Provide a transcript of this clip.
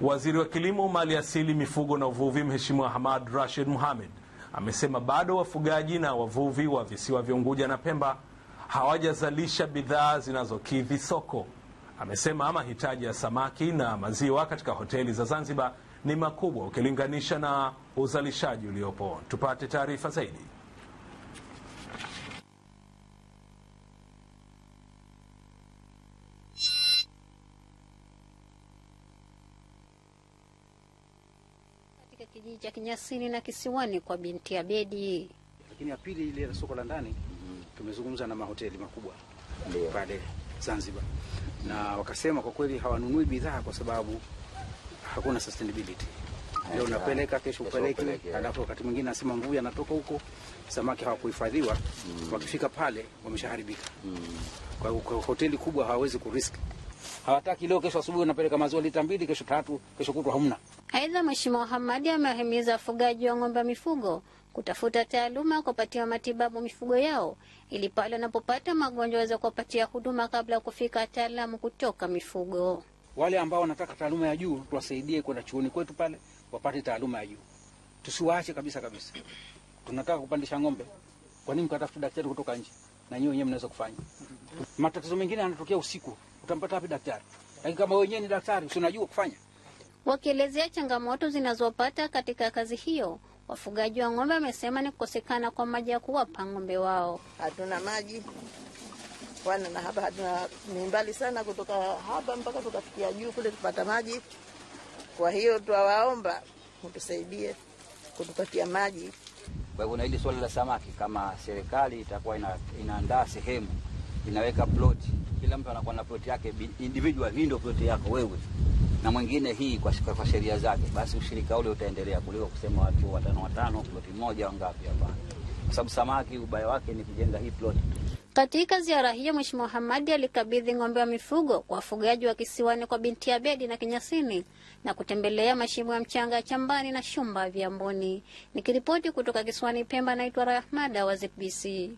Waziri wa Kilimo, Mali Asili, Mifugo na Uvuvi, Mheshimiwa Hamad Rashid muhamed amesema bado wafugaji na wavuvi wa visiwa vya Unguja na Pemba hawajazalisha bidhaa zinazokidhi soko. Amesema mahitaji ya samaki na maziwa katika hoteli za Zanzibar ni makubwa ukilinganisha na uzalishaji uliopo. Tupate taarifa zaidi. katika kijiji cha Kinyasini na Kisiwani kwa binti Abedi. Lakini ya pili ile ya soko la ndani mm -hmm. tumezungumza na mahoteli makubwa yeah. pale Zanzibar na wakasema kwa kweli hawanunui bidhaa kwa sababu hakuna sustainability. Leo unapeleka kesho upeleke, alafu wakati mwingine nasema mvuya anatoka huko, samaki hawakuhifadhiwa mm. wakifika pale wameshaharibika mm. kwa hoteli kubwa hawawezi kurisk hawataki leo, kesho asubuhi unapeleka maziwa lita mbili, kesho tatu, kesho kutwa hamna. Aidha, Mheshimiwa Muhamadi amewahimiza wafugaji wa ng'ombe mifugo kutafuta taaluma kupatiwa matibabu mifugo yao ili pale wanapopata magonjwa waweze kuwapatia huduma kabla ya kufika wataalamu kutoka mifugo. Wale ambao wanataka taaluma ya juu tuwasaidie kwenda chuoni kwetu pale wapate taaluma ya juu, tusiwaache kabisa kabisa. Tunataka kupandisha ng'ombe, kwa nini mkatafuta daktari kutoka nje? Na nyinyi wenyewe mnaweza kufanya. Matatizo mengine yanatokea usiku utampata wapi daktari? Lakini kama wenyewe ni daktari, si unajua kufanya. Wakielezea changamoto zinazopata katika kazi hiyo, wafugaji wa ng'ombe wamesema ni kukosekana kwa maji ya kuwapa ng'ombe wao. Hatuna maji wana na hapa, hatuna ni mbali sana kutoka hapa mpaka tukafikia juu kule kupata maji. Kwa hiyo twawaomba mtusaidie kutupatia maji. Kwa hivyo na hili swala la samaki, kama serikali itakuwa inaandaa sehemu inaweka plot, kila mtu anakuwa na plot yake individual. Hii ndio plot yako wewe na mwingine hii kwa, kwa sheria zake, basi ushirika ule utaendelea kuliko kusema watu watano watano plot moja wangapi? Hapana, kwa sababu samaki ubaya wake ni kujenga hii plot. Katika ziara hiyo Mheshimiwa Hamadi alikabidhi ng'ombe wa mifugo kwa wafugaji wa kisiwani kwa binti ya Bedi na Kinyasini na kutembelea mashimo ya mchanga ya Chambani na Shumba ya Viamboni. Nikiripoti kutoka kisiwani Pemba, naitwa Rahmada wa ZBC.